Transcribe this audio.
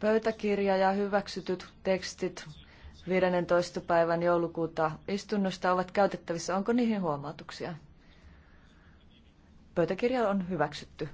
Pöytäkirja ja hyväksytyt tekstit 15. päivän joulukuuta istunnosta ovat käytettävissä. Onko niihin huomautuksia? Pöytäkirja on hyväksytty.